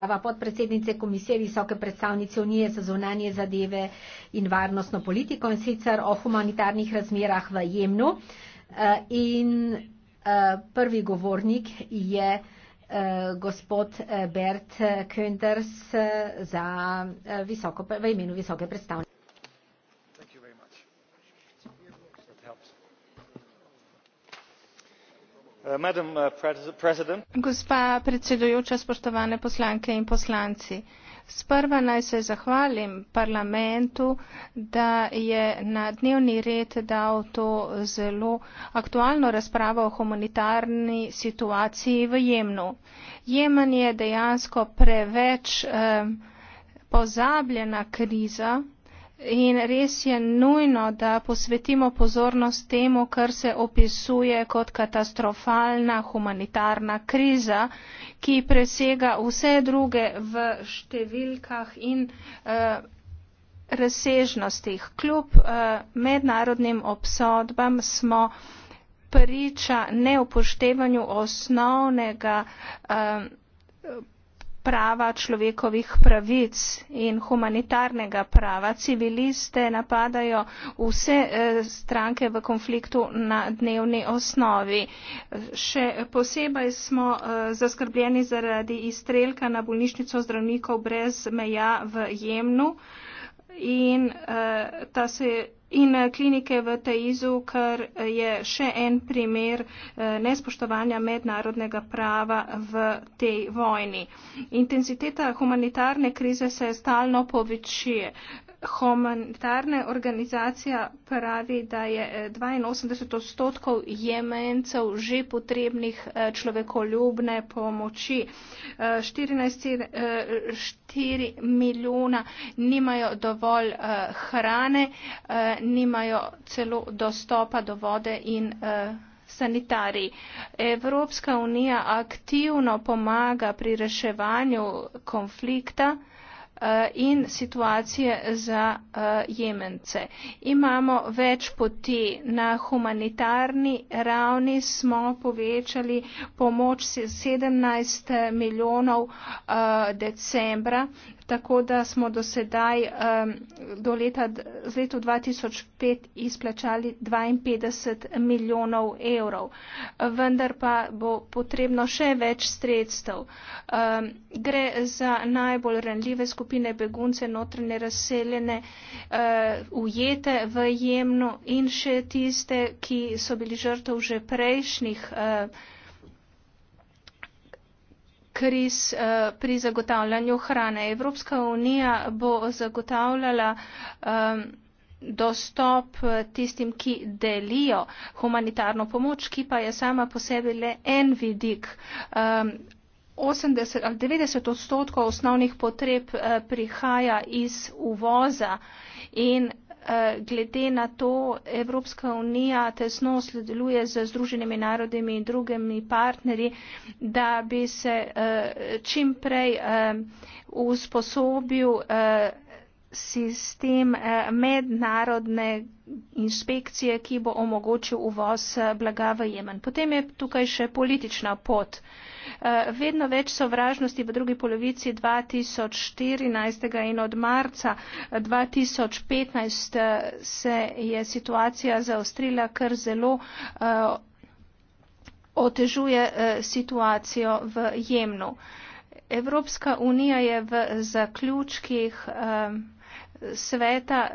predstava podpredsednice Komisije Visoke predstavnice Unije za zunanje zadeve in varnostno politiko in sicer o humanitarnih razmerah v Jemnu. Eh, in eh, prvi govornik je eh, gospod Bert Könders za visoko, v imenu visoke predstavnice. Uh, uh, gospa predsedujoča spoštovane poslanke in poslanci sprva naj se zahvalim parlamentu da je na dnevni red dal to zelo aktualno razpravo o humanitarni situaciji v jemnu jemen je dejansko preveč eh, pozabljena kriza In res je nujno, da posvetimo pozornost temu, kar se opisuje kot katastrofalna humanitarna kriza, ki presega vse druge v številkah in eh, razsežnostih. Kljub eh, mednarodnim obsodbam smo priča neupoštevanju osnovnega. Eh, prava človekovih pravic in humanitarnega prava. Civiliste napadajo vse eh, stranke v konfliktu na dnevni osnovi. Še posebej smo eh, zaskrbljeni zaradi izstrelka na bolnišnico zdravnikov brez meja v Jemnu in eh, ta se je in eh, klinike v Teizu, kar eh, je še en primer eh, nespoštovanja mednarodnega prava v tej vojni. Intenziteta humanitarne krize se stalno povečuje humanitarna organizacija pravi, da je 82 eh, odstotkov jemencev že potrebnih eh, človekoljubne pomoči. 14,4 eh, milijona nimajo dovolj hrane, nimajo celo dostopa do vode in sanitari. Evropska unija aktivno pomaga pri reševanju konflikta. Eh, in situacije za eh, jemence. Imamo več poti na humanitarni ravni, smo povečali pomoč 17 milijonov eh, decembra tako da smo do sedaj um, do leta, z leto 2005 izplačali 52 milijonov evrov. Vendar pa bo potrebno še več sredstev. Um, gre za najbolj renljive skupine begunce, notranje razseljene, uh, ujete v jemno in še tiste, ki so bili žrtev že prejšnjih. Uh, kriz eh, pri zagotavljanju hrane. Evropska unija bo zagotavljala eh, dostop eh, tistim, ki delijo humanitarno pomoč, ki pa je sama po sebi le en vidik. 80 ali 90 odstotkov osnovnih potreb prihaja iz uvoza in Eh, glede na to Evropska unija tesno sledeluje z Združenimi narodimi in drugimi partnerji, da bi se eh, čim prej eh, usposobil sistem eh, mednarodne inšpekcije, ki bo omogočil uvoz eh, blaga v Jemen. Potem je tukaj še politična pot. Eh, vedno več sovražnosti v drugi polovici 2014 in od marca 2015 se je situacija zaostrila kar zelo otežuje situacijo v Jemnu. Evropska unija je v zaključkih eh, sveta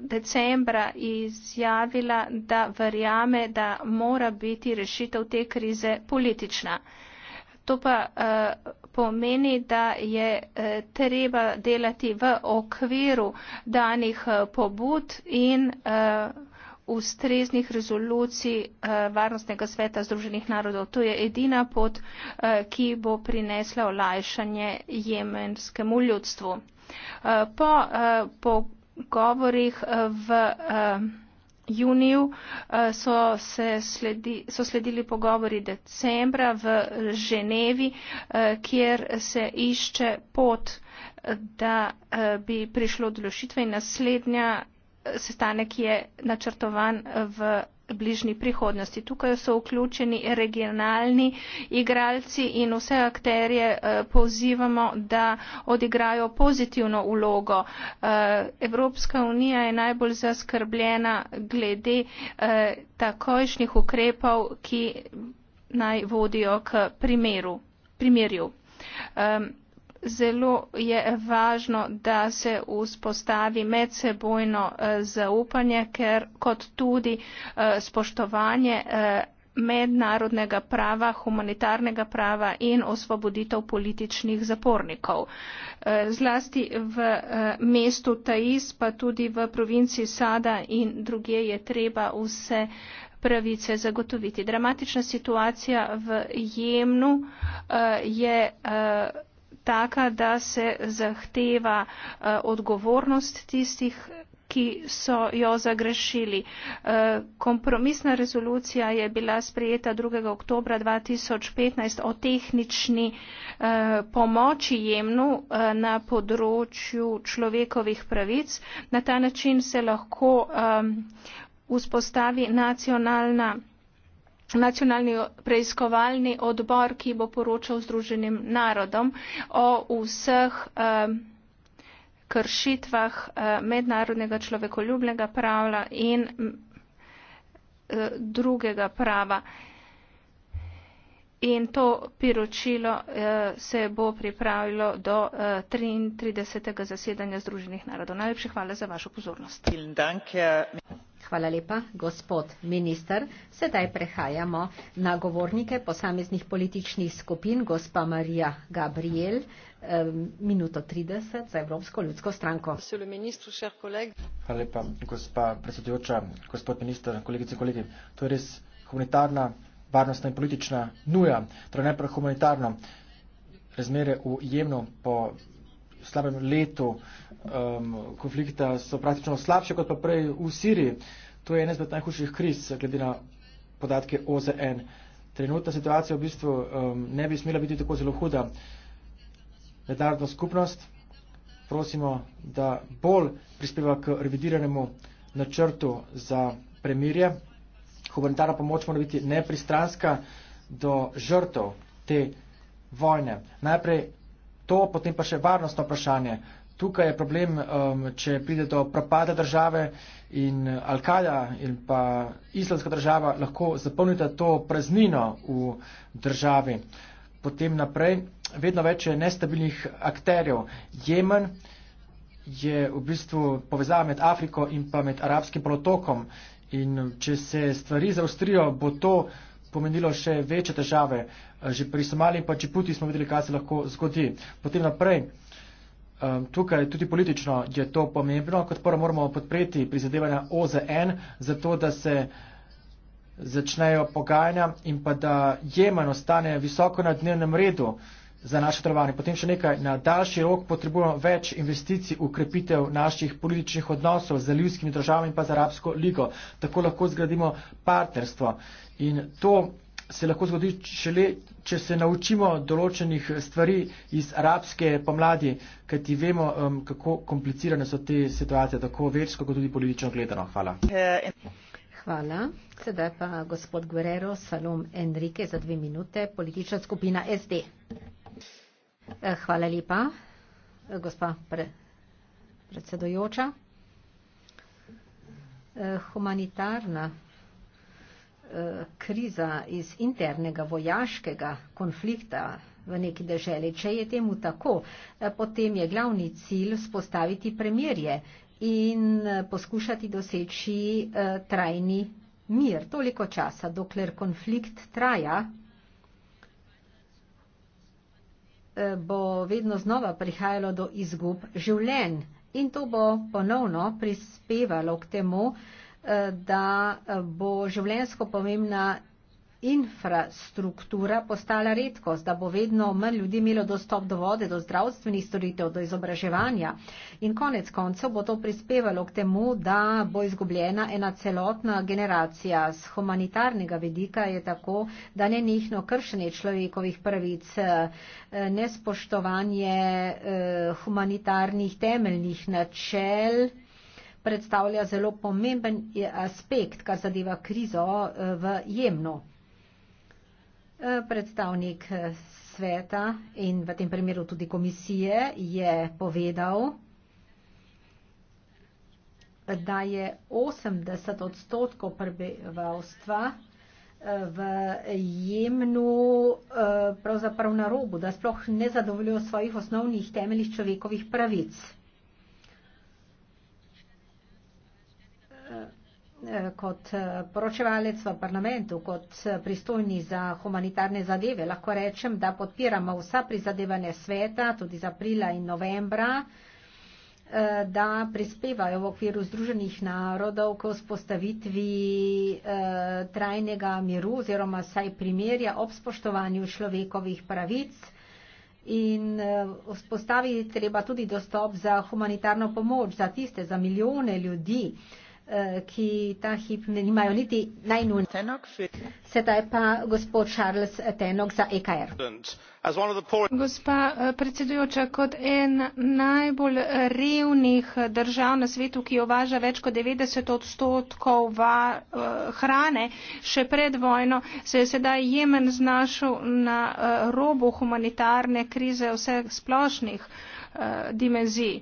decembra izjavila, da verjame, da mora biti rešitev te krize politična. To pa eh, pomeni, da je eh, treba delati v okviru danih eh, pobud in ustreznih rezolucij Varnostnega sveta Združenih narodov. To je edina pot, ki bo prinesla olajšanje jemenskemu ljudstvu. Po eh, pogovorih eh, v eh, juniju so, se sledi, so sledili pogovori decembra v Ženevi, kjer se išče pot, da bi prišlo do lošitve in naslednja sestanek je načrtovan v bližnji prihodnosti. Tukaj so vključeni regionalni igralci in vse akterje eh, pozivamo, da odigrajo pozitivno ulogo. Eh, Evropska unija je najbolj zaskrbljena glede eh, takojšnjih ukrepov, ki naj vodijo k primeru, primerju zelo je važno, da se vzpostavi medsebojno eh, zaupanje, ker kot tudi eh, spoštovanje eh, mednarodnega prava, humanitarnega prava in osvoboditev političnih zapornikov. Zlasti v mestu Taiz, pa tudi v provinci Sada in druge je treba vse pravice zagotoviti. Dramatična situacija v Jemnu je taka, da se zahteva eh, odgovornost tistih, ki so jo zagrešili. Eh, kompromisna rezolucija je bila sprejeta 2. oktober 2015 o tehnični eh, pomoči jemnu na področju človekovih pravic. Na ta način se lahko vzpostavi nacionalna nacionalni preiskovalni odbor, ki bo poročal Združenim narodom o vseh eh, kršitvah eh, mednarodnega človekoljubnega prava in eh, drugega prava. In to piročilo se bo pripravilo do 33. zasedanja Združenih narodov. Najlepša hvala za vašo pozornost. Hvala lepa, gospod minister. Sedaj prehajamo na govornike posameznih političnih skupin. Gospa Marija Gabriel, eh, minuto 30 za Evropsko ljudsko stranko. Hvala lepa, gospa predsedujoča, gospod minister, kolegice in kolegi. To je res humanitarna, varnostna in politična nuja. Torej najprej humanitarno. Razmere v Jemnu po slabem letu um, konflikta so praktično slabše kot pa prej v Siriji. To je ena izmed najhujših kriz, glede na podatke OZN. Trenutna situacija v bistvu um, ne bi smela biti tako zelo huda. Mednarodna skupnost prosimo, da bolj prispeva k revidiranemu načrtu za premirje. Humanitarna pomoč mora biti nepristranska do žrtov te vojne. Najprej To, potem pa še varnostno vprašanje. Tukaj je problem, um, če pride do propada države in Al-Qaeda in pa islamska država lahko zapolnita to praznino v državi. Potem naprej, vedno več je nestabilnih akterjev. Jemen je v bistvu povezava med Afriko in pa med arabskim polotokom. In če se stvari zaostrijo, bo to pomenilo še večje težave. Eh, že pri Somaliji in pa Čiputi smo videli, kaj se lahko zgodi. Potem naprej, eh, tukaj tudi politično je to pomembno. Kot prvo moramo podpreti prizadevanja OZN, zato da se začnejo pogajanja in pa da Jemen ostane visoko na dnevnem redu za naše delovanje. Potem še nekaj, na daljši rok potrebujemo več investicij v krepitev naših političnih odnosov z ljudskimi državami in pa z Arabsko ligo. Tako lahko zgradimo partnerstvo. In to se lahko zgodi šele, če se naučimo določenih stvari iz arabske pomladi, kajti vemo, um, kako komplicirane so te situacije, tako versko kot tudi politično gledano. Hvala. Hvala. Sedaj pa gospod Guerrero, Salom Enrique za dve minute, politična skupina SD. Eh, hvala lepa, eh, gospa predsedojoča. Eh, humanitarna kriza iz internega vojaškega konflikta v neki državi, če je temu tako, potem je glavni cilj spostaviti premirje in poskušati doseči trajni mir. Toliko časa, dokler konflikt traja, Eh, bo vedno znova prihajalo do izgub življenj. In to bo ponovno prispevalo k temu, eh, da bo življensko pomembna infrastruktura postala redkost, da bo vedno manj ljudi imelo dostop do vode, do zdravstvenih storitev, do izobraževanja. In konec koncev bo to prispevalo k temu, da bo izgubljena ena celotna generacija. Z humanitarnega vidika je tako, da ne njihno kršenje človekovih pravic, nespoštovanje eh, humanitarnih temeljnih načel predstavlja zelo pomemben eh, aspekt, kar zadeva krizo eh, v Jemnu. Predstavnik eh, sveta in v tem primeru tudi komisije je povedal, da je 80 odstotkov prebivalstva eh, v jemnu eh, pravzaprav na robu, da sploh ne zadovoljujo svojih osnovnih temeljih človekovih pravic. Eh, kot eh, poročevalec v parlamentu, kot eh, pristojni za humanitarne zadeve, lahko rečem, da podpiramo vsa prizadevanja sveta, tudi za aprila in novembra, da prispevajo v okviru Združenih narodov k vzpostavitvi trajnega miru oziroma saj primerja ob spoštovanju človekovih pravic. In vzpostaviti treba tudi dostop za humanitarno pomoč, za tiste, za milijone ljudi, Eh, ki ta hip ne nimajo niti najnujnih. Sedaj pa gospod Charles Tenok za EKR. Gospa eh, predsedujoča, kot en najbolj revnih držav na svetu, ki uvaža več kot 90 odstotkov va, eh, hrane še pred vojno, se je sedaj Jemen znašel na robu humanitarne krize vseh splošnih dimenzij.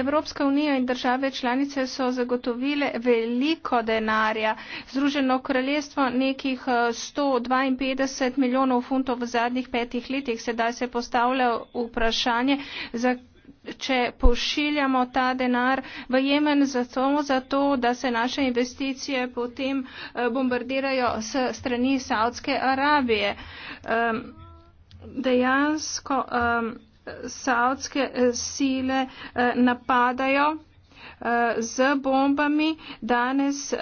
Evropska unija in države članice so zagotovile veliko denarja. Združeno kraljestvo nekih 152 eh, milijonov funtov v zadnjih petih letih. Sedaj se postavlja vprašanje, za, če pošiljamo ta denar v Jemen zato, zato, da se naše investicije potem eh, bombardirajo s strani Saudske Arabije. Um, dejansko. Um, saudske eh, sile eh, napadajo eh, z bombami. Danes,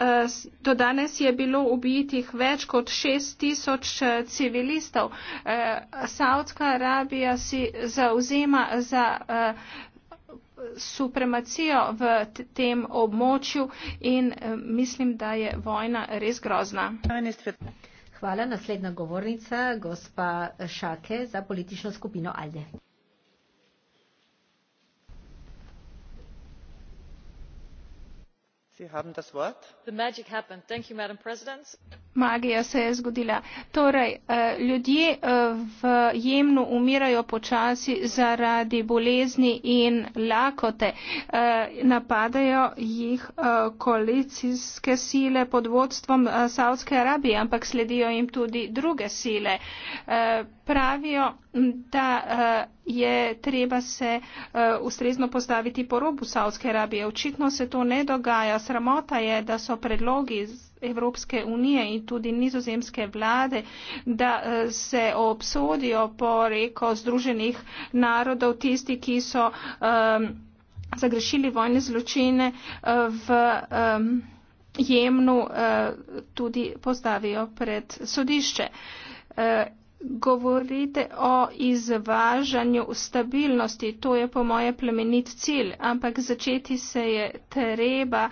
do danes je bilo ubitih več kot 6 tisoč civilistov. Saudska Arabija si zauzema za supremacijo v tem območju in mislim, da je vojna res grozna. Hvala, naslednja govornica, gospa Šake za politično skupino Alde. magija se je zgodila torej eh, ljudje eh, v jemnu umirajo počasi zaradi bolezni in lakote eh, napadajo jih koalicijske sile pod vodstvom saudske arabije ampak sledijo jim tudi druge sile pravijo da je treba se uh, ustrezno postaviti po robu Saudske Arabije. Očitno se to ne dogaja. Sramota je, da so predlogi z Evropske unije in tudi nizozemske vlade, da uh, se obsodijo po reko Združenih narodov tisti, ki so um, zagrešili vojne zločine uh, v. Um, jemnu eh, tudi postavijo pred sodišče. Eh, govorite o izvažanju stabilnosti, to je po moje plemenit cilj, ampak začeti se je treba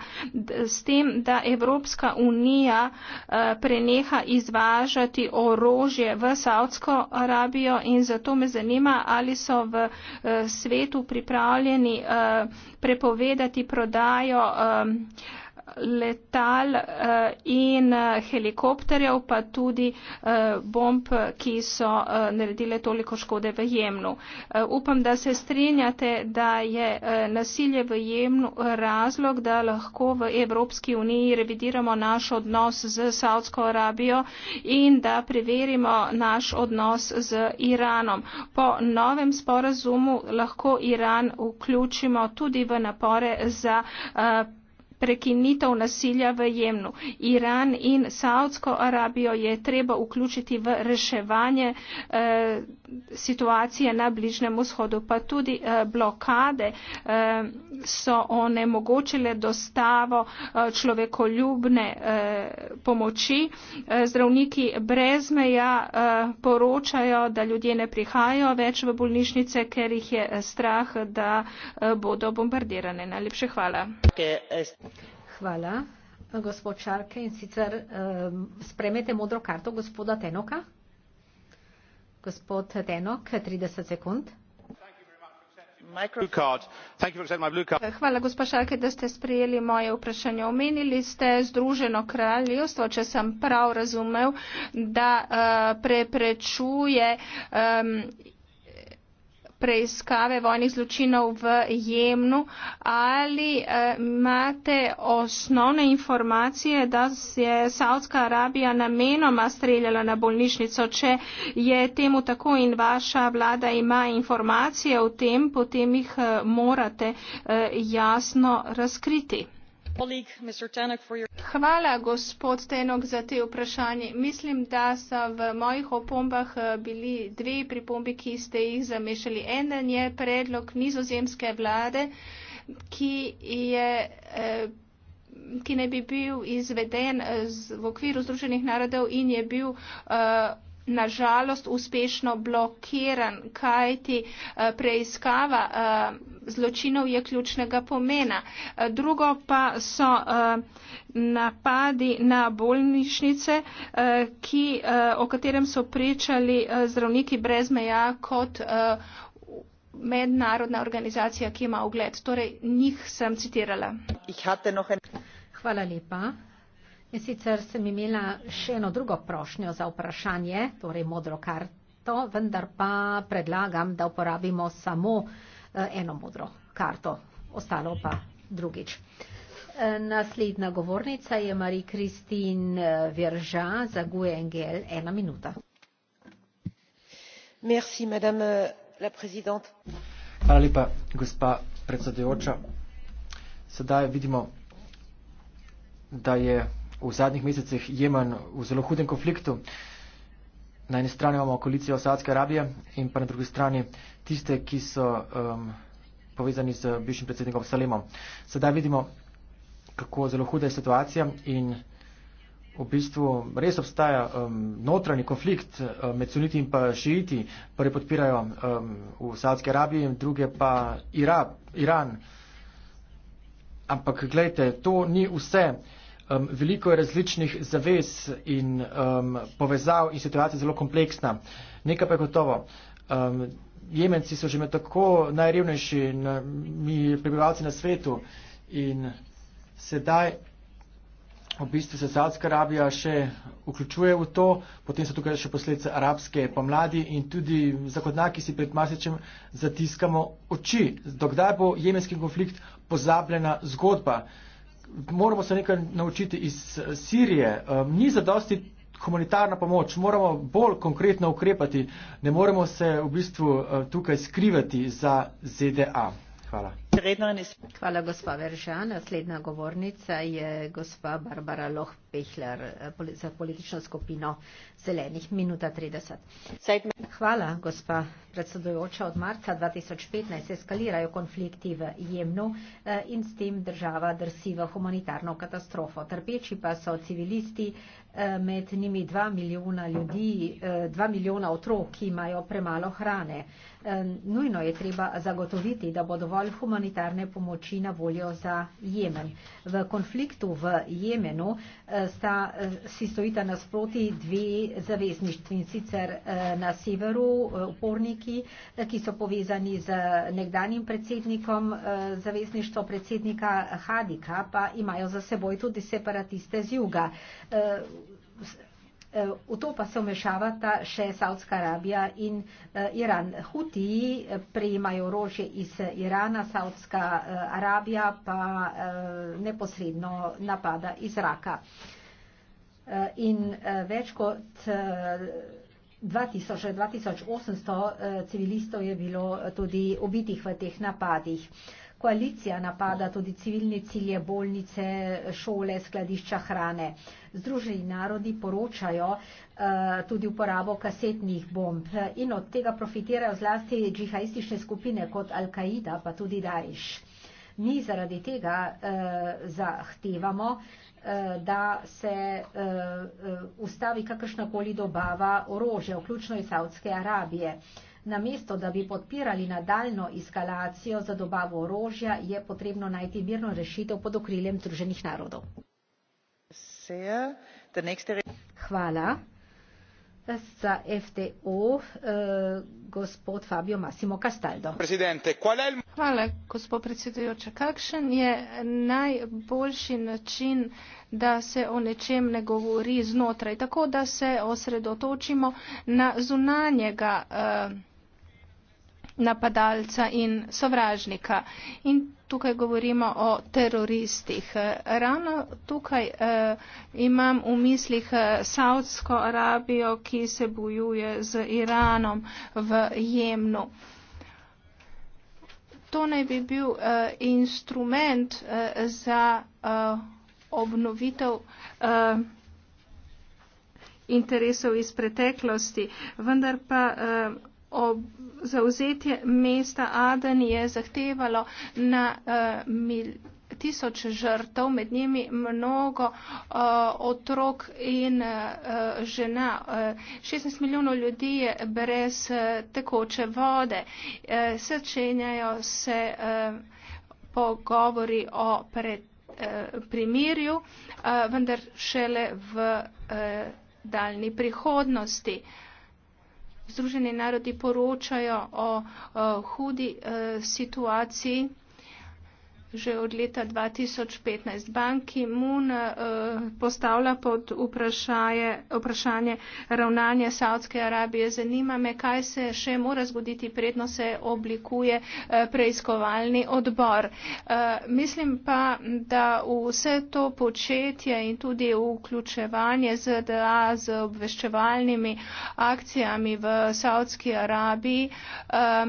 s tem, da Evropska unija eh, preneha izvažati orožje v Saudsko Arabijo in zato me zanima, ali so v eh, svetu pripravljeni eh, prepovedati prodajo letal eh, in eh, helikopterjev, pa tudi eh, bomb, ki so naredile toliko škode v Jemnu. Upam, da se strinjate, da je nasilje v Jemnu razlog, da lahko v Evropski uniji revidiramo naš odnos z Saudsko Arabijo in da preverimo naš odnos z Iranom. Po novem sporazumu lahko Iran vključimo tudi v napore za prekinitev nasilja v Jemnu. Iran in Saudsko Arabijo je treba vključiti v reševanje. Eh, situacije na Bližnem vzhodu, pa tudi eh, blokade eh, so onemogočile dostavo eh, človekoljubne pomoči. Zdravniki brez meja poročajo, da ljudje ne prihajajo več v bolnišnice, ker jih je strah, da bodo bombardirane. Najlepše hvala. Hvala. Gospod Šarke in sicer spremete modro karto gospoda Tenoka? Hvala, gospa Šalke, da ste sprejeli moje vprašanje. Omenili ste Združeno kraljevstvo, če sem prav razumel, da eh, preprečuje um, preiskave vojnih zločinov v Jemnu. Ali eh, imate osnovne informacije, da je Saudska Arabija namenoma streljala na bolnišnico? Če je temu tako in vaša vlada ima informacije o tem, potem jih eh, morate eh, jasno razkriti. Hvala, gospod Tenok, za te vprašanje. Mislim, da so v mojih opombah eh, bili dve pripombi, ki ste jih zamešali. Eden je predlog nizozemske vlade, ki je. Eh, ki ne bi bil izveden eh, v okviru Združenih narodov in je bil uh, nažalost uspešno blokiran, kajti eh, preiskava eh, zločinov je ključnega pomena. Eh, drugo pa so napadi na bolnišnice, ki, o katerem so pričali zdravniki brez meja kot mednarodna organizacija, ki ima ugled. Torej, njih sem citirala. Hvala lepa. In sicer sem imela še eno drugo prošnjo za vprašanje, torej modro karto, vendar pa predlagam, da uporabimo samo eh, eno modro karto, ostalo pa drugič. Eh, naslednja govornica je Marie-Kristin eh, Virža za GUE NGL. Ena minuta. Merci, euh, Hvala lepa, gospa predsedujoča. Sedaj vidimo, da je v zadnjih mesecih Jemen v zelo hudem konfliktu. Na eni strani imamo koalicijo Saudske Arabije in pa na drugi strani tiste, ki so um, povezani z bivšim predsednikom Salemom. Sedaj vidimo, kako zelo huda je situacija in v bistvu res obstaja um, notranji konflikt um, med suniti in pa šiiti. Prvi podpirajo um, v Saudske Arabiji, druge pa Ira, Iran. Ampak gledajte, to ni vse um, veliko različnih zavez in um, povezav in situacija je zelo kompleksna. Nekaj pa je gotovo. Um, Jemenci so že med tako najrevnejši na, mi prebivalci na svetu in sedaj v bistvu se Saudska Arabija še vključuje v to, potem so tukaj še posledice arabske pomladi in tudi zakodnaki si pred Masičem zatiskamo oči. Dokdaj bo jemenski konflikt pozabljena zgodba? Uh, moramo se nekaj naučiti iz eh, Sirije. Um, ni zadosti humanitarna pomoč, moramo bolj konkretno ukrepati. Ne moremo se v bistvu uh, tukaj skrivati za ZDA. Hvala. Hvala, gospa Veržan. Naslednja govornica je gospa Barbara Loh-Pehler za politično skupino Zelenih. Minuta 30. Hvala, gospa predsedujoča. Od marca 2015 eskalirajo konflikti v Jemnu eh, in s tem država drsi v humanitarno katastrofo. Trpeči pa so civilisti, med njimi dva milijona ljudi, eh, dva milijona otrok, ki imajo premalo hrane. Eh, nujno je treba zagotoviti, da bo dovolj humanitarne pomoči na voljo za Jemen. V konfliktu v Jemenu eh, sta, si stojita nasproti dve zavezništvi in sicer na severu uporniki, ki so povezani z nekdanjim predsednikom zavezništva predsednika Hadika, pa imajo za seboj tudi separatiste z juga. V to pa se omešavata še Saudska Arabija in eh, Iran. Huti eh, prejemajo orožje iz eh, Irana, Saudska Arabija pa neposredno napada iz Raka. In več kot 2000, 2800 civilistov je bilo tudi ubitih v teh napadih. Koalicija napada tudi civilne cilje, bolnice, šole, skladišča hrane. Združeni narodi poročajo uh, tudi uporabo kasetnih bomb in od tega profitirajo zlasti džihajistične skupine kot Al-Kaida pa tudi Daesh. Mi zaradi tega uh, zahtevamo, uh, da se uh, uh, ustavi kakršnakoli dobava orožja, vključno iz Saudske Arabije. Uh, Namesto, da bi podpirali nadaljno eskalacijo za dobavo orožja, je potrebno najti mirno rešitev pod okriljem Združenih narodov. Hvala. Za FTO eh, gospod Fabio Massimo Castaldo. Hvala, gospod predsedujoča. Kakšen je najboljši način, da se o nečem ne govori znotraj, tako da se osredotočimo na zunanjega. Eh, napadalca in sovražnika. In tukaj govorimo o teroristih. Ravno tukaj eh, imam v mislih eh, Saudsko Arabijo, ki se bojuje z Iranom v Jemnu. To naj bi bil eh, instrument eh, za eh, obnovitev eh, interesov iz preteklosti, vendar pa. Eh, ob zauzetje mesta Aden je zahtevalo na uh, mil, tisoč žrtev, med njimi mnogo uh, otrok in uh, žena. Uh, 16 milijonov ljudi je brez uh, tekoče vode. Uh, Sečenjajo se uh, pogovori o pred, uh, primirju, uh, vendar šele v uh, daljni prihodnosti. Uh, Združeni narodi poročajo o, o hudi e, situaciji že od leta 2015. Banki Moon postavlja pod vprašanje, vprašanje ravnanje Saudske Arabije. Zanima me, kaj se še mora zgoditi, predno se oblikuje eh, preiskovalni odbor. Eh, mislim pa, da vse to početje in tudi vključevanje ZDA z obveščevalnimi akcijami v Saudski Arabiji, eh,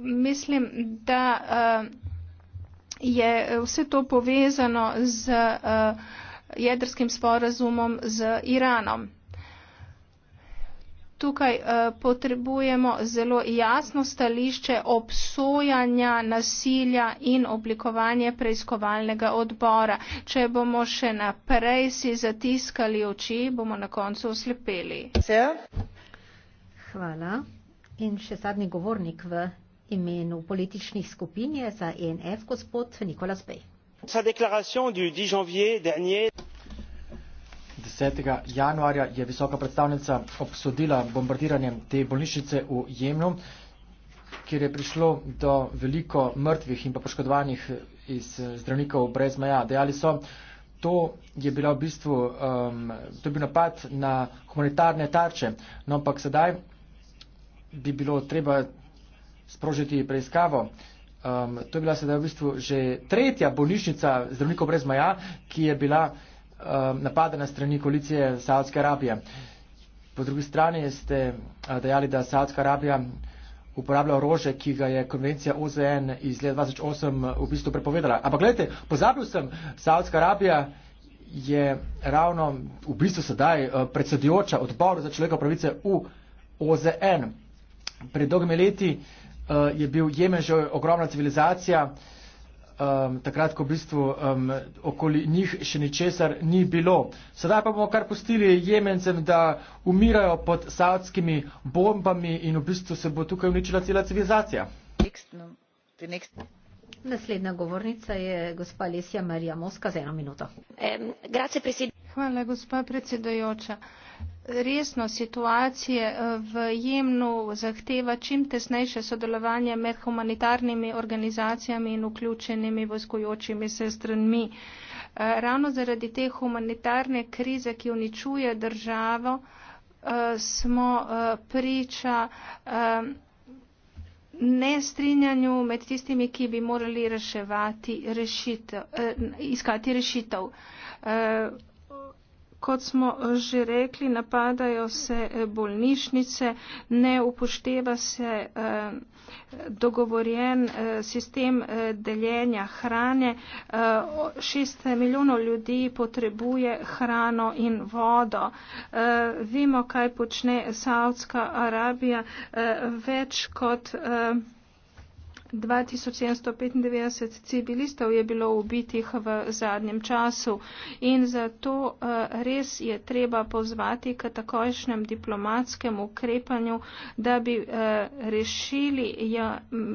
mislim, da je eh, vse to povezano z eh, jedrskim sporazumom z Iranom. Tukaj eh, potrebujemo zelo jasno stališče obsojanja nasilja in oblikovanje preiskovalnega odbora. Če bomo še naprej si zatiskali oči, bomo na koncu oslepeli. Hvala. In še zadnji govornik v imenu političnih skupin je za ENF gospod Nikola Zbej. Sa deklaracijo du 10 janvier dernier 10. januarja je visoka predstavnica obsodila bombardiranje te bolnišnice v Jemnu, kjer je prišlo do veliko mrtvih in pa poškodovanih iz eh, zdravnikov brez meja. Dejali so, to je bil v bistvu um, to je bil napad na humanitarne tarče, no ampak sedaj bi bilo treba sprožiti preiskavo. Um, to je bila sedaj v bistvu že tretja bolnišnica zdravnikov brez maja, ki je bila um, napadena strani koalicije Saudske Arabije. Po drugi strani ste uh, dejali, da Saudska Arabija uporablja orože, ki ga je konvencija OZN iz leta 2008 uh, v bistvu prepovedala. Ampak gledajte, pozabil sem, Saudska Arabija je ravno v bistvu sedaj uh, predsedujoča odboru za človekove pravice v OZN. Pred dolgimi leti uh, uh, je bil Jemen že ogromna civilizacija, um, takrat, ko v bistvu um, okoli njih še ničesar ni bilo. Sedaj pa bomo kar pustili Jemencem, da umirajo pod savtskimi bombami in v bistvu se bo tukaj uničila cela civilizacija. Naslednja govornica je gospa Lesija Marija Moska za eno minuto. Hvala, gospa predsedajoča resno situacije eh, v Jemnu zahteva čim tesnejše sodelovanje med humanitarnimi organizacijami in vključenimi vzgojočimi se stranmi. Eh, ravno zaradi te humanitarne krize, ki uničuje državo, eh, smo priča nestrinjanju med tistimi, ki bi morali reševati rešitev, iskati rešitev kot smo že rekli, napadajo se eh, bolnišnice, ne upošteva se eh, dogovorjen eh, sistem deljenja hrane. Šest milijonov ljudi potrebuje hrano in vodo. Vemo, kaj počne Saudska Arabija. Več kot 2795 civilistov je bilo ubitih v zadnjem času in zato eh, res je treba pozvati k takojšnjem diplomatskem ukrepanju, da bi eh, rešili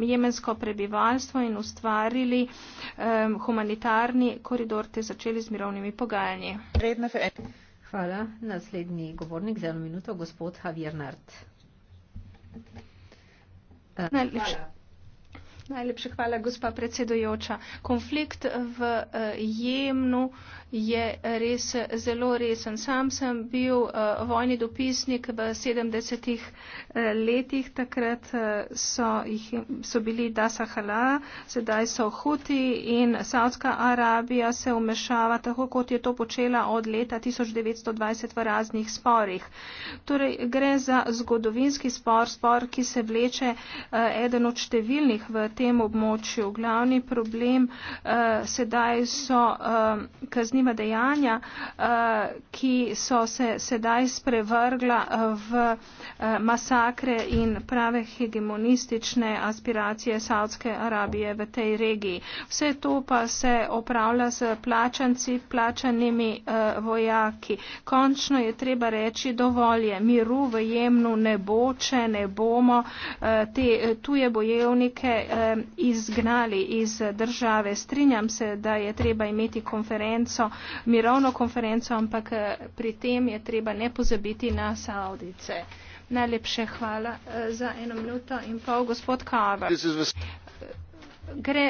jemensko prebivalstvo in ustvarili eh, humanitarni koridor te začeli z mirovnimi pogajanji. Hvala. Naslednji govornik za eno minuto, gospod Javier Nart. Najlepša. Najlepša hvala, gospa predsedujoča. Konflikt v eh, Jemnu je res zelo resen. Sam sem bil uh, vojni dopisnik v 70. Uh, eh, letih, takrat uh, so, jih, so bili Dasahala, sedaj so Huti in Saudska Arabija se umešava tako, kot je to počela od leta 1920 v raznih sporih. Torej, gre za zgodovinski spor, spor, ki se vleče uh, eden od številnih v tem območju. Glavni problem uh, sedaj so uh, kazni kazniva dejanja, eh, ki so se sedaj sprevrgla eh, v eh, masakre in prave hegemonistične aspiracije Saudske Arabije v tej regiji. Vse to pa se opravlja z plačanci, plačanimi vojaki. Končno je treba reči, dovolj je miru v jemnu ne bo, če ne bomo te tuje bojevnike izgnali iz države. Strinjam se, da je treba imeti konferenco mirovno konferenco, ampak eh, pri tem je treba ne pozabiti na Saudice. Najlepše hvala eh, za eno minuto in pol, gospod Kava. Eh, gre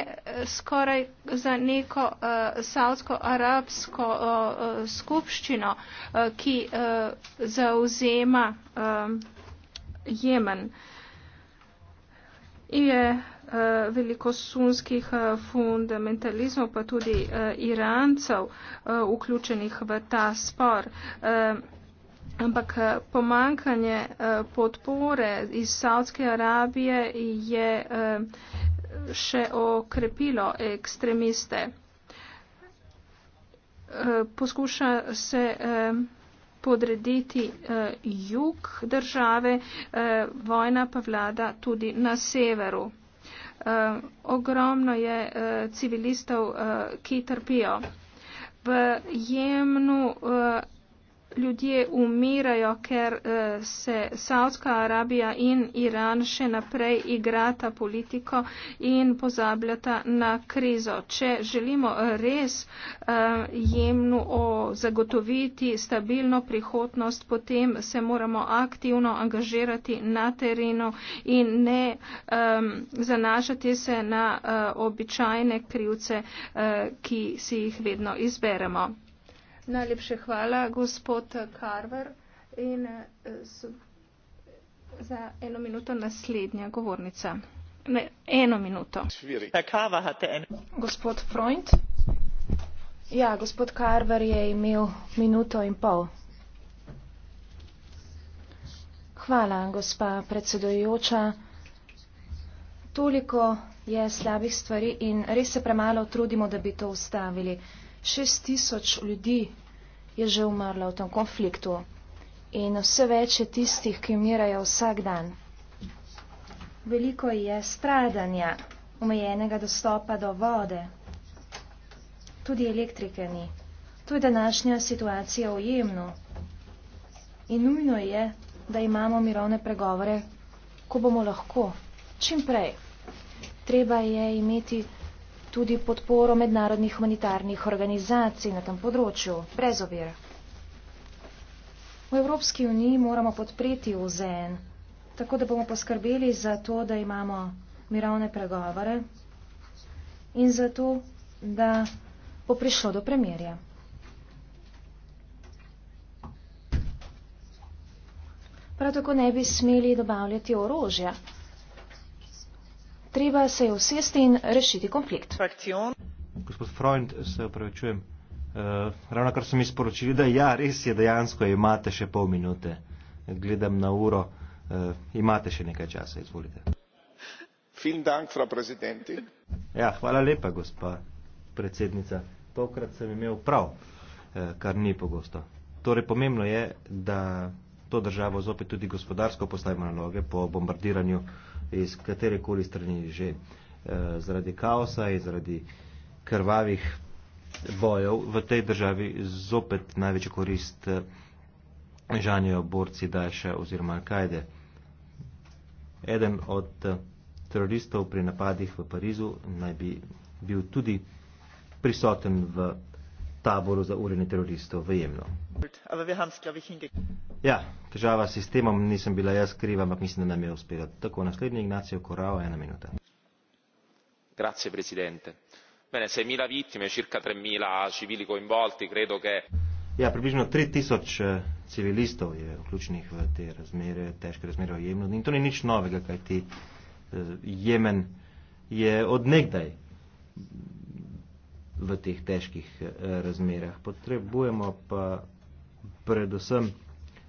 skoraj za neko uh, savsko-arabsko uh, uh, skupščino, uh, ki uh, zauzema um, Jemen. Je, uh, Eh, velikosunskih eh, fundamentalizmov, pa tudi eh, Irancev, vključenih v ta spor. Ampak pomankanje podpore iz Saudske Arabije je še okrepilo ekstremiste. Poskuša se podrediti jug države, vojna pa vlada tudi na severu. Eh, ogromno je eh, civilistov, eh, ki trpijo. V Jemnu ljudje umirajo, ker eh, se Saudska Arabija in Iran še naprej igrata politiko in pozabljata na krizo. Če želimo res eh, jemnu zagotoviti stabilno prihodnost, potem se moramo aktivno angažirati na terenu in ne zanašati se na eh, običajne krivce, ki si jih vedno izberemo. Najlepše hvala, gospod Karver. In za eno minuto naslednja govornica. Ne, eno minuto. Gospod Freund. Ja, gospod Karver je imel minuto in pol. Hvala, gospa predsedojoča. Toliko je slabih stvari in res se premalo trudimo, da bi to ustavili. Šest tisoč ljudi je že umrlo v tem konfliktu in vse več je tistih, ki umirajo vsak dan. Veliko je stradanja, omejenega dostopa do vode, tudi elektrike ni. To je današnja situacija v Jemnu. In nujno je, da imamo mirovne pregovore, ko bomo lahko, čim prej. Treba je imeti tudi podporo mednarodnih humanitarnih organizacij na tem področju, brez ovir. V Evropski uniji moramo podpreti UZN, tako da bomo poskrbeli za to, da imamo mirovne pregovore in za to, da bo prišlo do premirja. Prav tako ne bi smeli dobavljati orožja treba se je usesti in rešiti konflikt. Fraktion. Gospod Freund, se opravičujem. Uh, ravno kar so mi sporočili, da ja, res je, dejansko imate še pol minute. Gledam na uro, uh, imate še nekaj časa, izvolite. Dank, ja, hvala lepa, gospa predsednica. Tokrat sem imel prav, uh, kar ni pogosto. Torej, pomembno je, da to državo zopet tudi gospodarsko postavimo na noge po bombardiranju uh, iz katerekoli strani že. Eh, zaradi kaosa in zaradi krvavih bojev v tej državi zopet največjo korist eh, žanjejo borci Daša oziroma Al-Kaide. Eden od eh, teroristov pri napadih v Parizu naj bi bil tudi prisoten v taboru za urejanje teroristov v Jemnu. Ja, težava s sistemom nisem bila jaz kriva, ampak mislim, da nam je uspelo. Tako, naslednji Ignacijo Korao, ena minuta. Grazie, predsedente. Bene, 6.000 vittime, circa 3.000 civili coinvolti, credo che. Ja, približno 3000 eh, civilistov je vključenih v te razmere, težke razmere v Jemnu. In to ni nič novega, kajti eh, Jemen je odnegdaj v teh težkih eh, razmerah. Potrebujemo pa predvsem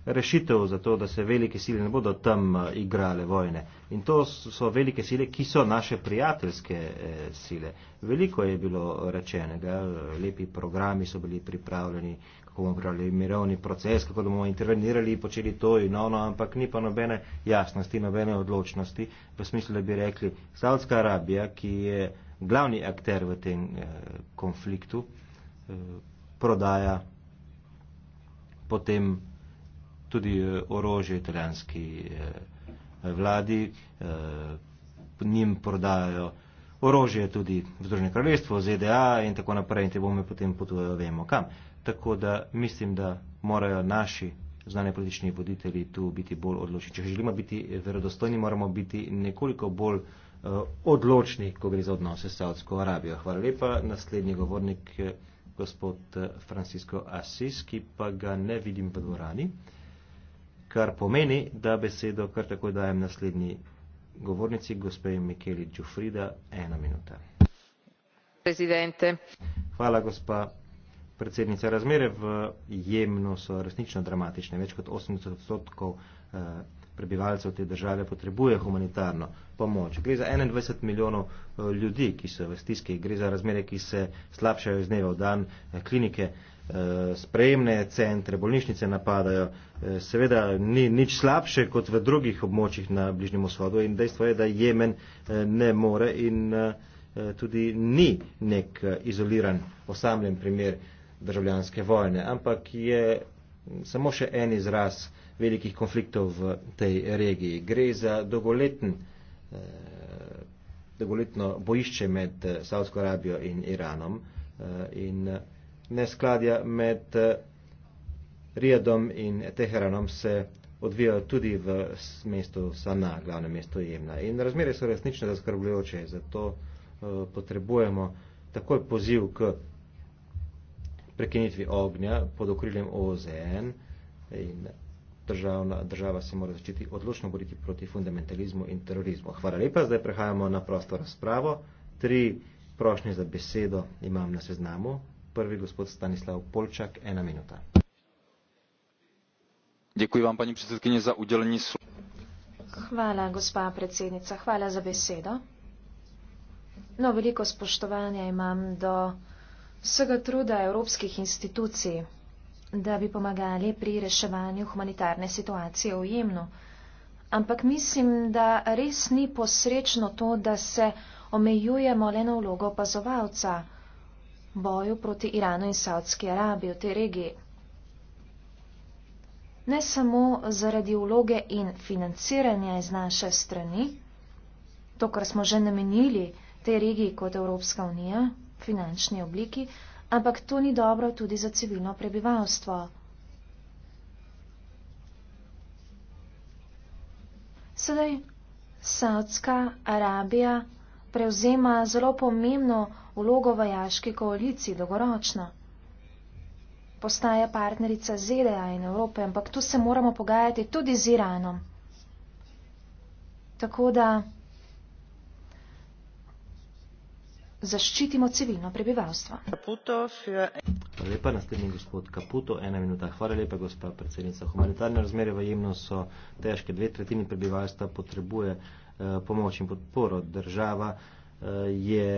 rešitev za to, da se velike sile ne bodo tam eh, igrale vojne. In to so velike sile, ki so naše prijateljske eh, sile. Veliko je bilo rečenega, lepi programi so bili pripravljeni, kako bomo pravili, mirovni proces, kako bomo intervenirali in počeli to in ono, ampak ni pa nobene jasnosti, nobene odločnosti, v smislu, da bi rekli, Saudska Arabija, ki je glavni akter v tem eh, konfliktu, eh, prodaja potem tudi eh, orožje italijanski eh, vladi, eh, njim prodajo orožje tudi v Združenem kraljestvu, ZDA in tako naprej in te bombe potem potujejo, vemo kam tako da mislim, da morajo naši znane politični voditelji tu biti bolj odločni. Če želimo biti verodostojni, moramo biti nekoliko bolj uh, odločni, ko gre za odnose s Saudsko Arabijo. Hvala lepa. Naslednji govornik je gospod eh, Francisco Assis, ki pa ga ne vidim v dvorani, kar pomeni, da besedo kar takoj dajem naslednji govornici, gospej Mikeli Giuffrida, ena minuta. Presidente. Hvala, gospa predsednica razmere v Jemnu so resnično dramatične. Več kot 80 odstotkov eh, prebivalcev te države potrebuje humanitarno pomoč. Gre za 21 milijonov eh, ljudi, ki so v stiski, gre za razmere, ki se slabšajo iz dneva v dan, eh, klinike, sprejemne centre, bolnišnice napadajo. Seveda ni nič slabše kot v drugih območjih na Bližnjem vzhodu in dejstvo je, da Jemen ne more in tudi ni nek izoliran, osamljen primer državljanske vojne, ampak je samo še en izraz velikih konfliktov v tej regiji. Gre za dogoletn, eh, dogoletno bojišče med eh, Saudsko Arabijo in Iranom eh, in neskladja med Rijadom in Teheranom se odvijajo tudi v mestu Sana, glavnem mestu Jemna. In razmere so resnično zaskrbljujoče, zato potrebujemo takoj poziv k prekinitvi ognja pod okriljem OZN in državna, država se mora začeti odločno boriti proti fundamentalizmu in terorizmu. Hvala lepa, zdaj prehajamo na prosto razpravo. Tri prošnje za besedo imam na seznamu. Prvi gospod Stanislav Polčak, ena minuta. Děkuji vám, paní předsedkyně, za udělení slova. Hvala, gospa predsednica, hvala za besedo. No, veliko spoštovanja imam do vsega truda evropskih institucij, da bi pomagali pri reševanju humanitarne situacije v Jemnu. Ampak mislim, da res ni posrečno to, da se omejujemo le na vlogo opazovalca boju proti Iranu in Saudski Arabiji v tej regiji. Ne samo zaradi vloge in financiranja iz naše strani, to, kar smo že namenili tej regiji kot Evropska unija, finančni obliki, ampak to ni dobro tudi za civilno prebivalstvo. Sedaj Saudska Arabija prevzema zelo pomembno vlogo vojaški koaliciji dogoročno. Postaja partnerica ZDA in Evrope, ampak tu se moramo pogajati tudi z Iranom. Tako da. zaščitimo civilno prebivalstvo. Hvala lepa, naslednji gospod Kaputo, ena minuta. Hvala lepa, gospa predsednica. Humanitarne razmere v Jemnu so težke, dve tretjini prebivalstva potrebuje eh, pomoč in podporo. Država eh, je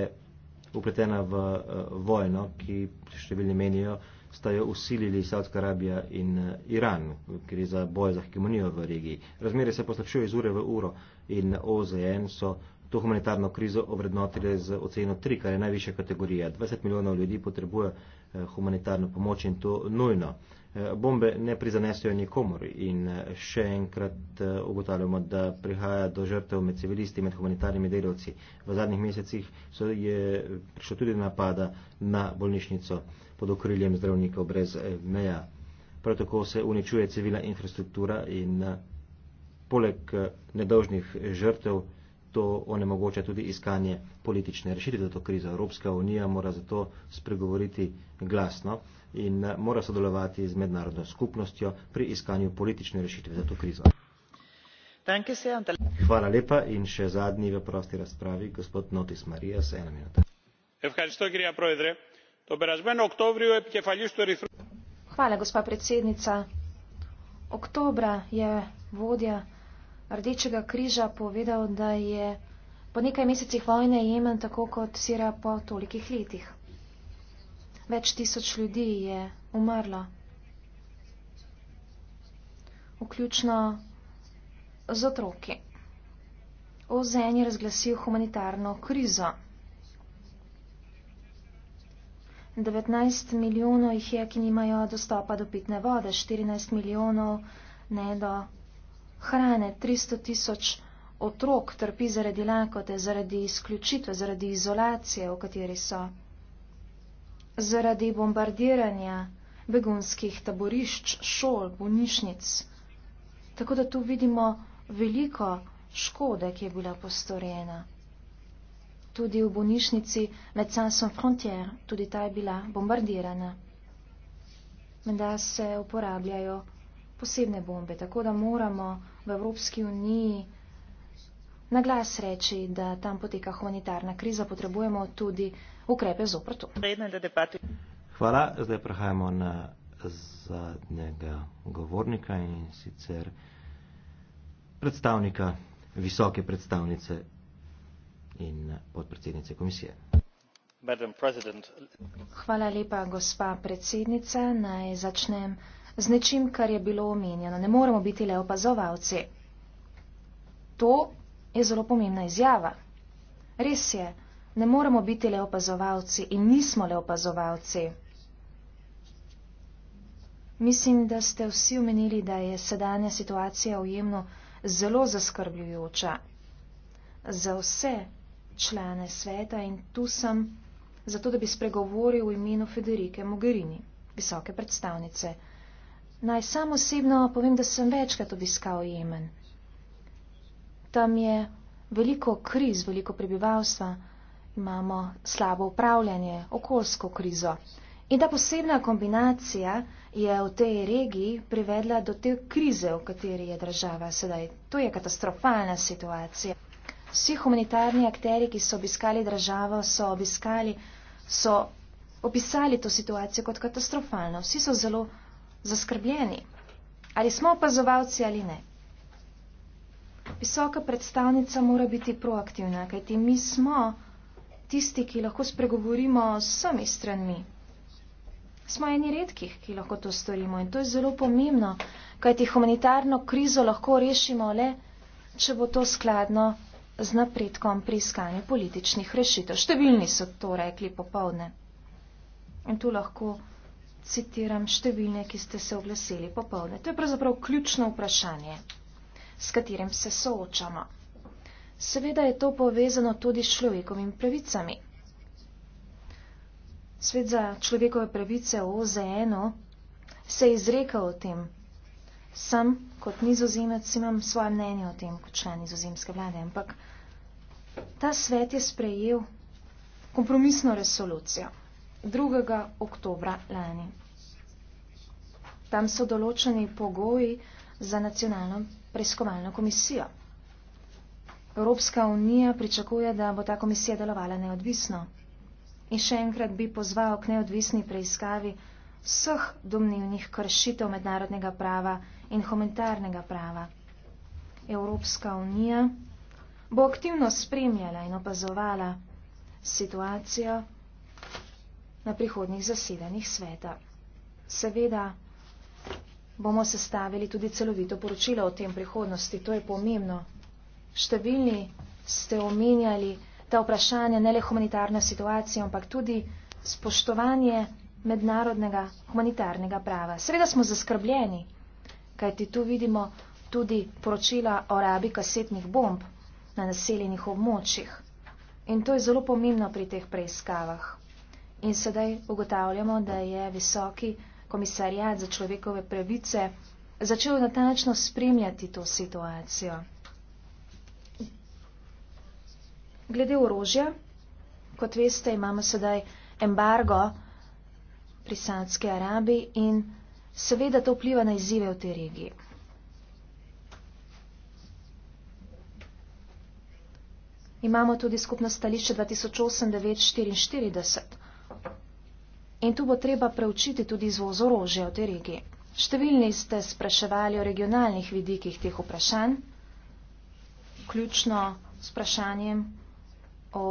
upletena v eh, vojno, ki številni menijo, sta jo usilili Saudska Arabija in eh, Iran, ker je za boj za hegemonijo v regiji. Razmere se poslabšujejo iz ure v uro in OZN so to humanitarno krizo ovrednotile z oceno 3, kar je najvišja kategorija. 20 milijonov ljudi potrebuje eh, humanitarno pomoč in to nujno. Eh, bombe ne prizanesajo nikomor in eh, še enkrat ugotavljamo, da prihaja do žrtev med civilisti, med humanitarnimi delavci. V zadnjih mesecih so je prišlo tudi napada na bolnišnico pod okriljem zdravnikov brez meja. Prav tako se uničuje civilna infrastruktura in poleg nedožnih žrtev to onemogoča tudi iskanje politične rešitve za to krizo. Evropska unija mora zato spregovoriti glasno in eh, mora sodelovati z mednarodno skupnostjo pri iskanju politične rešitve za to krizo. Hvala lepa in še zadnji v prosti razpravi, gospod Notis Marija, se ena minuta. Hvala, gospa predsednica. Oktobra je vodja. Rdečega križa povedal, da je po nekaj mesecih vojne Jemen tako kot Sirija po tolikih letih. Več tisoč ljudi je umrlo, vključno z otroki. OZN je razglasil humanitarno krizo. 19 milijonov jih je, ki nimajo dostopa do pitne vode, 14 milijonov ne do hrane 300 tisoč otrok trpi zaradi lakote, zaradi izključitve, zaradi izolacije, v kateri so, zaradi bombardiranja begunskih taborišč, šol, bolnišnic. Tako da tu vidimo veliko škode, ki je bila postorjena. Tudi v bolnišnici Medecins Frontier, tudi ta je bila bombardirana. Menda se uporabljajo posebne bombe. Tako da moramo v Evropski uniji na glas reči, da tam poteka humanitarna kriza, potrebujemo tudi ukrepe z oprtu. Hvala. Zdaj prehajamo na zadnjega govornika in sicer predstavnika, visoke predstavnice in podpredsednice komisije. Hvala lepa, gospa predsednica. Naj začnem z nečim, kar je bilo omenjeno. Ne moramo biti le opazovalci. To je zelo pomembna izjava. Res je, ne moramo biti le opazovalci in nismo le opazovalci. Mislim, da ste vsi omenili, da je sedanja situacija ujemno zelo zaskrbljujoča za vse člane sveta in tu sem zato, da bi spregovoril v imenu Federike Mogherini, visoke predstavnice. Naj sam osebno povem, da sem večkrat obiskal Jemen. Tam je veliko kriz, veliko prebivalstva, imamo slabo upravljanje, okoljsko krizo. In ta posebna kombinacija je v tej regiji privedla do te krize, v kateri je država sedaj. To je katastrofalna situacija. Vsi humanitarni akteri, ki so obiskali državo, so obiskali, so opisali to situacijo kot katastrofalno. Vsi so zelo zaskrbljeni, ali smo opazovalci ali ne. Visoka predstavnica mora biti proaktivna, kajti mi smo tisti, ki lahko spregovorimo s vsemi stranmi. Smo eni redkih, ki lahko to storimo in to je zelo pomembno, kajti humanitarno krizo lahko rešimo le, če bo to skladno z napredkom pri iskanju političnih rešitev. Številni so to rekli popovdne. In tu lahko citiram številne, ki ste se oglasili popolne. To je pravzaprav ključno vprašanje, s katerim se soočamo. Seveda je to povezano tudi s človekovimi pravicami. Svet za človekove pravice OZN se je izrekel o tem. Sam kot nizozemec imam svoje mnenje o tem kot član nizozemske vlade, ampak ta svet je sprejel kompromisno resolucijo. 2. oktobra lani. Tam so določeni pogoji za nacionalno preiskovalno komisijo. Evropska unija pričakuje, da bo ta komisija delovala neodvisno. In še enkrat bi pozval k neodvisni preiskavi vseh domnevnih kršitev mednarodnega prava in humanitarnega prava. Evropska unija bo aktivno spremljala in opazovala situacijo na prihodnih zasedanjih sveta. Seveda bomo sestavili tudi celovito poročilo o tem prihodnosti, to je pomembno. Številni ste omenjali ta vprašanja, ne le humanitarna situacija, ampak tudi spoštovanje mednarodnega humanitarnega prava. Seveda smo zaskrbljeni, kajti tu vidimo tudi poročila o rabi kasetnih bomb na naseljenih območjih. In to je zelo pomembno pri teh preiskavah. In sedaj ugotavljamo, da je visoki komisarjat za človekove pravice začel natančno spremljati to situacijo. Glede orožja, kot veste, imamo sedaj embargo pri Sadski Arabiji in seveda to vpliva na izzive v tej regiji. Imamo tudi skupno stališče 2008-944 in tu bo treba preučiti tudi izvoz orožja v tej regiji. Številni ste spraševali o regionalnih vidikih teh vprašanj, vključno s vprašanjem o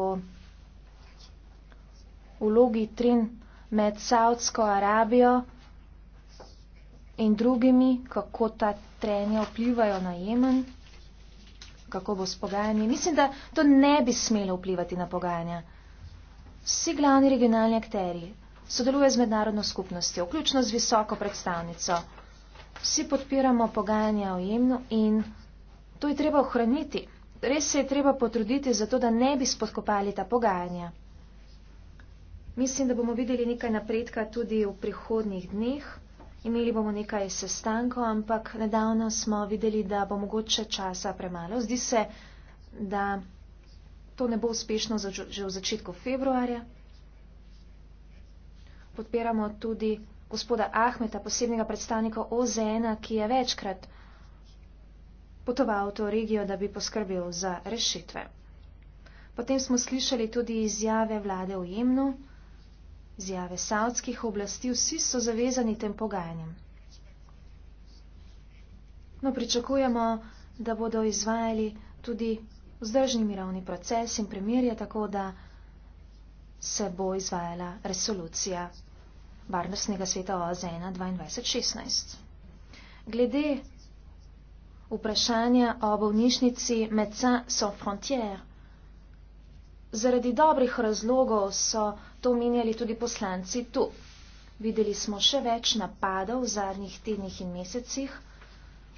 vlogi trin med Saudsko Arabijo in drugimi, kako ta trenja vplivajo na Jemen, kako bo s pogajanji. Mislim, da to ne bi smelo vplivati na pogajanja. Vsi glavni regionalni akteri, sodeluje z mednarodno skupnostjo, vključno z visoko predstavnico. Vsi podpiramo pogajanja o jemnu in to je treba ohraniti. Res se je treba potruditi za to, da ne bi spodkopali ta pogajanja. Mislim, da bomo videli nekaj napredka tudi v prihodnih dneh. Imeli bomo nekaj sestankov, ampak nedavno smo videli, da bo mogoče časa premalo. Zdi se, da to ne bo uspešno že v začetku februarja podpiramo tudi gospoda Ahmeta, posebnega predstavnika OZN-a, ki je večkrat potoval v to regijo, da bi poskrbel za rešitve. Potem smo slišali tudi izjave vlade v Jemnu, izjave savdskih oblasti, vsi so zavezani tem pogajanjem. No, pričakujemo, da bodo izvajali tudi vzdržni mirovni proces in premirje, tako da se bo izvajala resolucija Varnostnega sveta OZN 2216. Glede vprašanja o bolnišnici Médecins sans frontières, zaradi dobrih razlogov so to omenjali tudi poslanci tu. Videli smo še več napadov v zadnjih tednih in mesecih,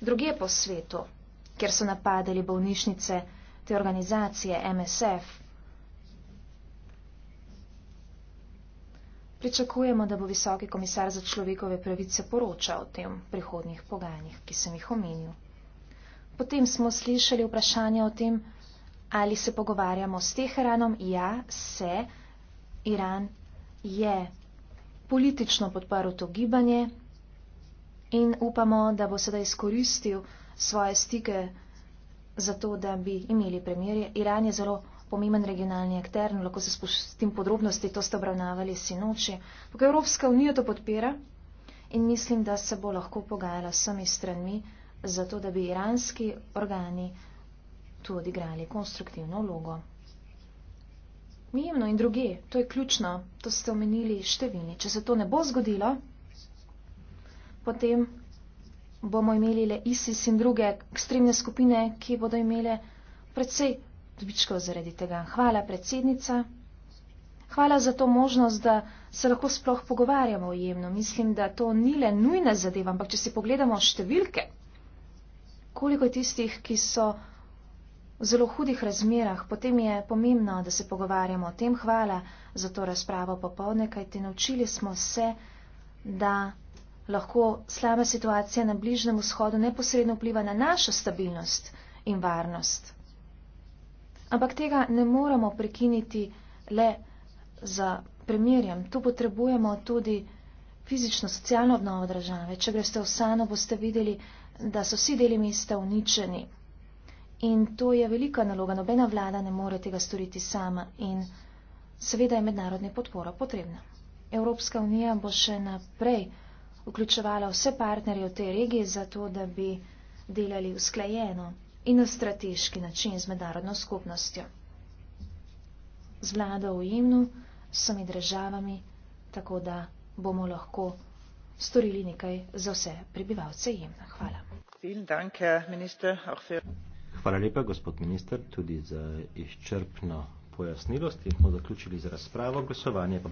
druge po svetu, kjer so napadali bolnišnice te organizacije MSF. Pričakujemo, da bo visoki komisar za človekove pravice poročal o tem prihodnih pogajanjih, ki sem jih omenil. Potem smo slišali vprašanje o tem, ali se pogovarjamo s Teheranom. Ja, se, Iran je politično podprl to gibanje in upamo, da bo sedaj izkoristil svoje stike za to, da bi imeli premirje. Iran je zelo pomemben regionalni akter, no lahko se spustim podrobnosti, to ste obravnavali sinoči. Pa Evropska unija to podpira in mislim, da se bo lahko pogajala s vsemi stranmi, zato da bi iranski organi tu odigrali konstruktivno vlogo. Mimno in druge, to je ključno, to ste omenili številni. Če se to ne bo zgodilo, potem bomo imeli le ISIS in druge ekstremne skupine, ki bodo imele precej dobičkov zaradi tega. Hvala, predsednica. Hvala za to možnost, da se lahko sploh pogovarjamo ojemno. Mislim, da to ni le nujna zadeva, ampak če si pogledamo številke, koliko je tistih, ki so v zelo hudih razmerah, potem je pomembno, da se pogovarjamo o tem. Hvala za to razpravo popovdne, kajti naučili smo se, da lahko slaba situacija na Bližnem vzhodu neposredno vpliva na našo stabilnost in varnost. Ampak tega ne moremo prekiniti le za premirjem. Tu potrebujemo tudi fizično, socialno obnovo države. Če greste v Sano, boste videli, da so vsi deli mesta uničeni. In to je velika naloga. Nobena vlada ne more tega storiti sama. In seveda je mednarodna podpora potrebna. Evropska unija bo še naprej vključevala vse partnerje v tej regiji, zato da bi delali usklajeno in na strateški način z mednarodno skupnostjo. Z vlado v imnu, s vsemi državami, tako da bomo lahko storili nekaj za vse prebivalce imna. Hvala. Hvala lepa, gospod minister, tudi za izčrpno pojasnilo. S tem smo zaključili z razpravo. Glasovanje pa